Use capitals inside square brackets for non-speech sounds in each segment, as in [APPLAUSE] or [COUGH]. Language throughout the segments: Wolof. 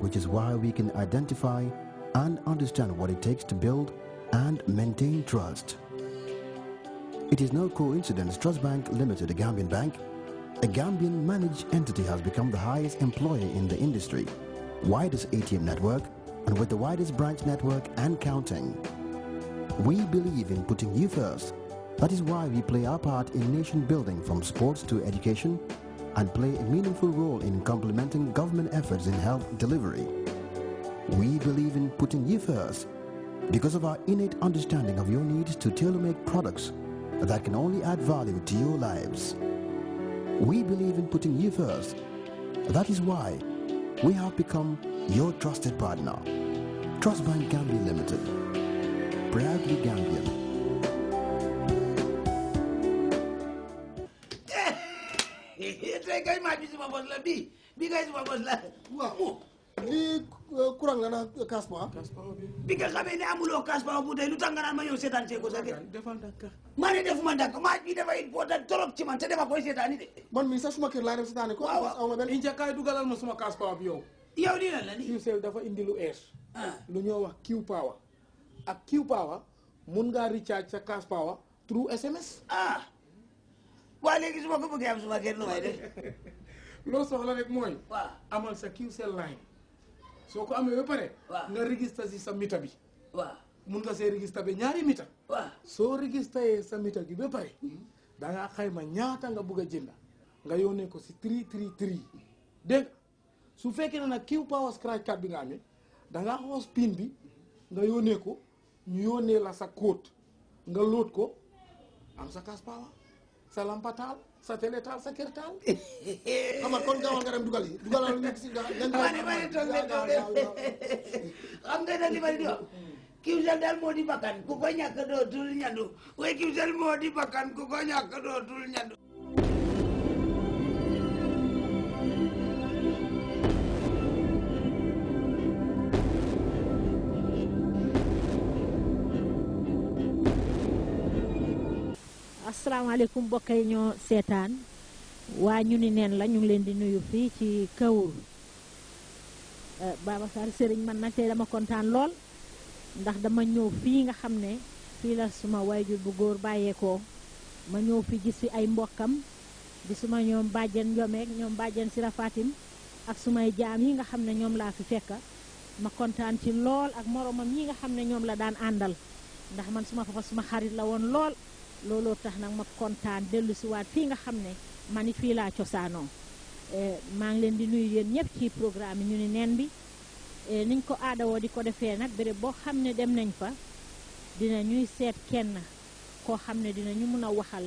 which is why we can identify and understand what it takes to build and maintain trust. It is no coincidence Trust Bank Limited, a Gambian bank, a Gambian managed entity has become the highest employer in the industry, widest ATM network, and with the widest branch network and counting. We believe in putting you first. That is why we play our part in nation building from sports to education and play a meaningful role in complementing government efforts in health delivery. We believe in putting you first because of our innate understanding of your need to tailor-make products that can only add value to your lives. We believe in putting you first. That is why we have become your trusted partner. Trust Bank Gambia Limited. Proudly Gambian. [LAUGHS] lan nga naan Kaspa. bi nga xamee ne amuloo lu tax nga naan ma ñëw maa ne defuma ndànk maa bi dafa important trop ci man te dama koy seetaani de. man mii sax suma kër laa dem seetaani ko. waaw ma benn ma suma Kaspa bi yow. yow nii dafa indi lu air. Ah. lu ñoo wax Q power. ak Q power mun ngaa recharge sa Kas power through SMS. ah waa léegi su ma ko bëggee am suma kër nu may de [LAUGHS] loo soxla rek mooy. waaw amal sa Qcell line. soo ko amee ba pare. nga registré si sa mita bi. waaw mun nga see registré bi ñaari mita. soo soo registré sa mita bi ba pare. Hmm. da ngaa xayma ñaata nga bugg a jënd nga yónnee ko si tri tri tri dégg su fekkee ne nag kiw power scratch card bi nga amee da ngaa xoos pin bi nga yónnee ko ñu yónnee la sa kóot nga loot ko am sa cash sa lampa sa télé taal sa kër taal. [LAUGHS] xam nga kon gaawal nga dem dugal a dugalal nekk si gaaw. waaw li ma di toog de toog de [LAUGHS] xam nga ne li ma di wax. kiwsel daal moo ku ko ñàkk dootul ñandu waaye kiwsel moo di bakkan ku ko ñàkk dootul ñandu. assalamu alaykum bokay ño setan wa ñu ni neen la ñu ngi leen di nuyu fi ci kawur sar eh, Serigne man nak tay dama contane lol ndax dama ñew fi nga xamne fi la suma wayjur bu baye ko ma ñew fi gis fi ay mbokam di suma ñoom bàjjen jomeeg ñoom bàjjen si rafatim ak suma jaam yi nga xamne ñom la fi fekka ma contane ci lol ak moromam yi nga xamne ñom la daan andal ndax man suma papa suma xarit la won lol looloo tax nag ma kontaan dellu si waat fii nga xam ne man it fii laa cosaanoo eh, maa ngi leen di nuyu yéen ñëpp ci programme yi ñu ni neen bi eh, niñ ko aadawoo di ko defee nag béréb boo xam ne dem nañ fa dina ñuy seet kenn koo xam ne dina ñu mun a waxal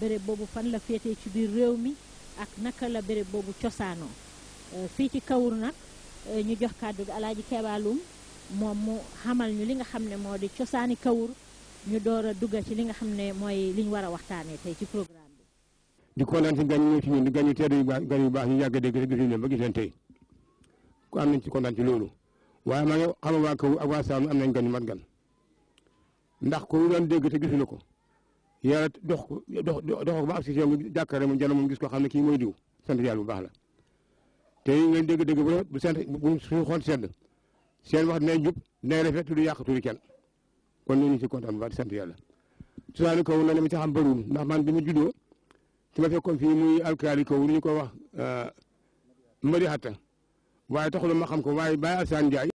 béréb boobu fan la féetee ci biir réew mi ak naka la béréb boobu cosaanoo eh, fii ci Kawur nag ñu jox kàddu gi Alaaji Kebaalum moom mu xamal ñu li nga xam ne moo di cosaani Kawur ñu door a dugg ci li nga xam ne mooy li war a waxtaanee tey ci programme bi. di kontaan si gan ñëw si ñun di gan yu tedd yu baax gan yu baax ñu yàgg a dégg rek gisuñu leen ba gis leen tey ku ci loolu waaye maa ngi xamal waa kaw am nañ gan yu mat gan ndax ku doon dégg te gisuñu ko yàlla dox dox dox ba ab si yow jàkkaare moom moom gis ko xam ne kii mooy diw sant yàlla bu baax la te ngeen dégg dégg bu sant bu suñu xool sedd seen wax dinañ jub dinañ rafet du yàq tuuti kenn kon loolu ñu ngi si kontaan bu baax di sant yàlla sudaani na li ma ci xam bëriwul ndax man bi ma juddoo su ma fekkoon fii muy alkaali kaw lu ñu ko wax euh, mbëri ma xam ko waaye Baye Alsaan Ndiaye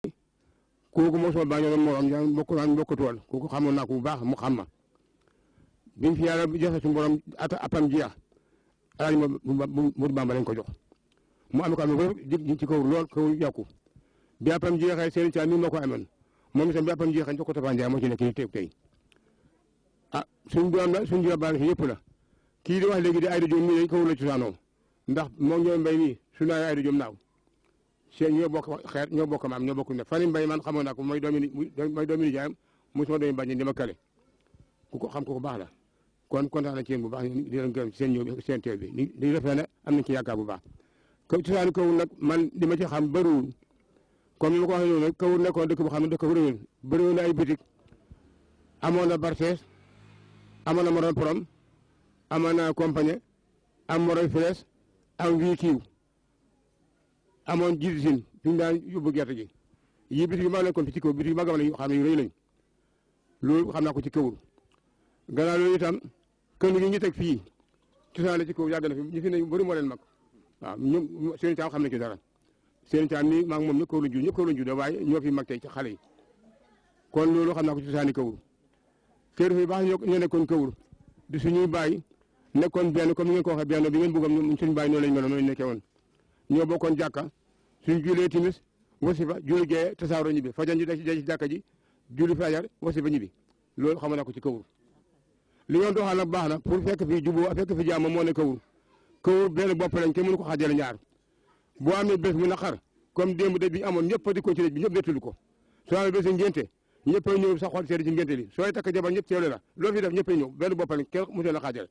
kooku moo sama bàyyi moo am ñaar mbokk naa mbokk tool kooku xamoon naa bu baax mu xam ma biñ fi yàlla joxe suñu borom ata apam jiya alaaji Moodu Bamba lañ ko jox mu am ko lool kaw yàqu bi apam jiya xëy seen caa mi moo ko amoon moom itam jàppan jeexal jox ko Tapha Ndiaye moo ci nekk nii tey tey ah suñ bu am la suñ jur baal yëpp la kii di wax léegi di Aïda Diom mii dañ ko wóor la cosaanoo ndax moom ñoom mbéy mii su naayoo Aïda Diom naaw seen ñoo bokk xeet ñoo bokk maam ñoo bokk ne Falim Mbaye man xamoon naa ko mooy doomi mooy doomi nijaayam mu sama doomi bàjjen di ma kale ku ko xam ku ko baax la kon kontaan na ci yéen bu baax di leen gërëm seen ñëw seen teew bi di rafet na am nañ ci yaakaar bu baax ko cosaan kawul nag man li ma ci xam bëriwul comme ni ma ko waxee noonu rek dëkk boo xam ne dëkk bu rëyoon bëri na ay bitik amoon na Barthès amoon na Morom Porom amoon na Compagnie am am wii kiiw amoon jiitu fi mu daan yóbbu gerte gi yii bitik yu mag nekkoon ci Kawur bitik yu mag am xam ne yu rëy lañ loolu xam naa ko ci Kawur gannaaw loolu itam kër gi ñu teg fii cosaan la ci Kawur yàgg na fi ñu fi ne bëri moo leen xam nañ ci dara. seen caan mi maa ngi moom nag kaw lañ judd ñëpp ñoo fi mag tey ci xale yi kon loolu xam na ko ci cosaani kawur kër fi baax ñoo ñoo nekkoon kawur di suñuy bàyyi nekkoon benn comme ni ngeen ko waxee benn bi ngeen bëggoon ñun suñu bàyyi noonu lañ meloon noonu nekkee woon ñoo bokkoon jàkka suñ julee timis wasifa julli gee tasaaro ñibbi fajan ji day ci jàkka ji julli fajar wasifa ñibbi loolu xam naa ko ci kawur li ñoo doxal nag baax na pour fekk fi juboo fekk fi jàmm moo ne kawur kawur benn bopp lañ kenn ko xaajale ñaar boo amee bés bu naqar comme démb de bi amoon ñëpp di ko ci dëj bi ñëpp wettulu ko soo amee bés ngénte ñëpp a ñëw sa xol seeri ci ngénte li sooy takk jabar ñëpp teewle la loo fi def ñëpp a ñëw benn boppam kenn mu la xaajale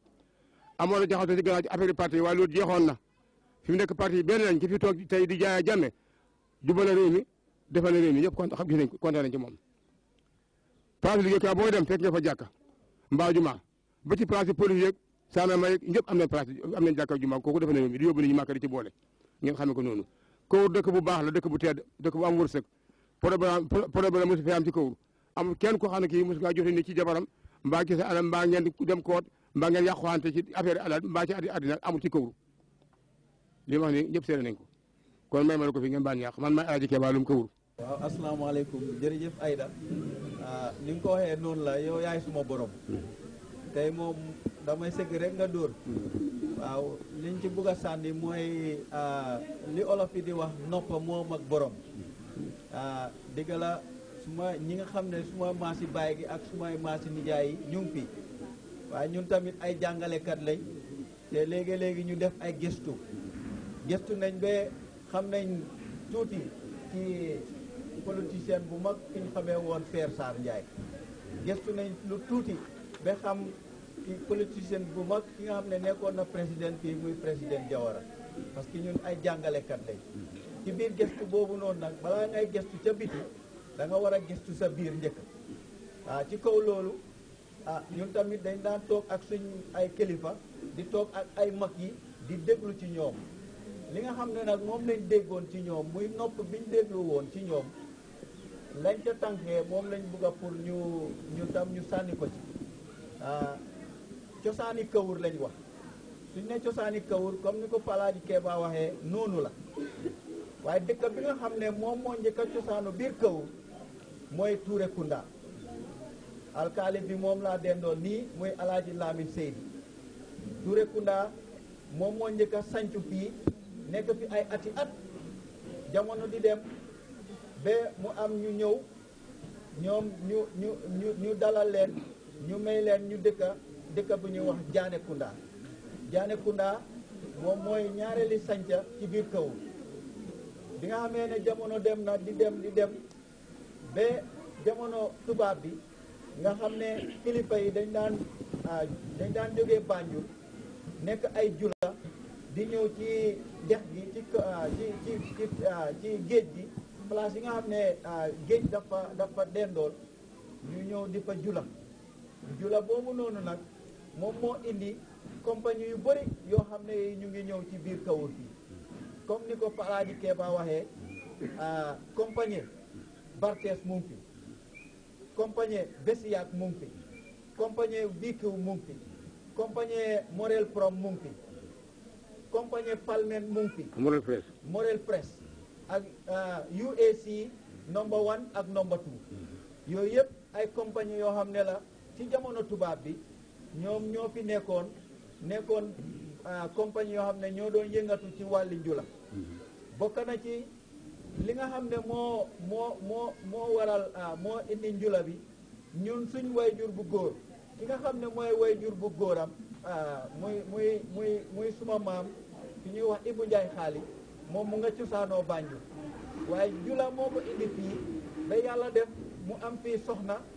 amoon na jaxasoo ci gannaaw ci parti yi waaye jeexoon na fi nekk parti yi benn lañ ki fi toog tey di jaaya jàmme jubal na réew mi defal na réew mi ñëpp kontaan xam gis nañ kontaan nañ ci moom place liggéeykaay boo dem fekk nga fa jàkka mbaa juma ma yeeg ñëpp am na place ngeen xamee ko noonu Kowur dëkk bu baax la dëkk bu tedd dëkk bu am wërsëg problème problème mosu fi am ci Kowur amul kenn ko xam ne kii mosu ngaa jote ni ci jabaram mbaa gis alal mbaa ngeen dem koot mbaa ngeen yàquwante ci affaire alal mbaa ci àddina amul ci Kowur li wax ni ñëpp seere nañ ko kon may ma ko fi ngeen baan yàq man maay Alaaji Keba Loum Kowur waaw asalaamaaleykum jërëjëf Aida ah, ni nga ko waxee noonu la yow yaay suma borom hmm. tey moom damay sëgg rek nga dóor hmm. waaw liñ ci bugg a sànni mooy euh, li olof yi di wax nopp moom ak boroom euh, dëgg la suma ñi nga xam ne suma maasi baay gi ak sumay maasi nijaay yi ñu ngi fi waaye ñun tamit ay jàngalekat lañ te léegi-léegi ñu def ay gëstu gëstu nañ ba xam nañ tuuti ci politicien bu mag ki ñu xamee woon feer Sarr Ndiaye gëstu nañ lu tuuti ba xam ki politicien bu mag ki nga xam ne nekkoon na président yi muy président Jawara parce que ñun ay jàngalekat lañ ci biir gestu boobu noonu nag balaa ngay gestu ca biti da war a gestu sa biir njëkk ah ci kaw loolu ah ñun tamit dañ daan toog ak suñ ay kilifa di toog ak ay mag yi di déglu ci ñoom li nga xam ne nag moom lañ déggoon ci ñoom muy nopp biñ déglu woon ci ñoom lañ ca tànkee moom lañ bugg a pour ñu ñu tam ñu sànni ko ci ah, cosaani kawur lañ wax suñ ne cosaani kawur comme ni ko Palaaji Keeba waxee noonu la waaye dëkk bi nga xam ne moom moo njëkk cosaanu biir kawur mooy tuure Kunda alkaali bi moom laa dendoon nii muy Alaaji Lamin Seydi Touré Kunda moom moo njëkk a sancu fii nekk fi ay ati at jamono di dem ba mu am ñu ñëw ñoom ñu ñu ñu ñu dalal leen ñu may leen ñu dëkka dëkk bu ñuy wax Diané Kounda Diané Kounda moom mooy ñaareeli sanca ci biir kaw bi nga xamee ne jamono dem na di dem di dem ba jamono tubaab bi nga xam ne kilifa yi dañ daan ah, dañ daan jógee Banjul nekk ay jula di ñëw ci dex gi ci ah, ci ci ah, ci géej gi place yi nga xam ne géej dafa dafa dendool ñu ñëw di fa jula jula boobu noonu nag moom moo indi compagnie yu bëri yoo xam ne ñu ngi ñëw ci biir kawur bi comme ni ko Alaaji Keeba waxee ah, compagnie Bartes mu ngi fi compagnie Besiak mu ngi fi compagnie Bikiw mu ngi fi Prom mu ngi fi compagnie Palmen mu ngi fi Morel Press Morel Press ak ah, UAC number one ak number two mm-hmm. yooyu yëpp ay compagnie yoo xam ne la ci jamono tubaab bi ñoom ñoo fi nekkoon nekkoon euh, compagnie yoo xam ne ñoo doon yëngatu ci wàll njula mm-hmm. bokk na ci li nga xam ne moo moo moo moo waral euh, moo indi njula bi ñun suñ wayjur bu góor ki nga xam ne mooy wayjur bu góoram euh, muy muy muy muy suma maam fi ñuy wax Ibu Njaay xaali moom mu nga cosaanoo Banjul waaye njula moo ko indi fii ba yàlla def mu am fii soxna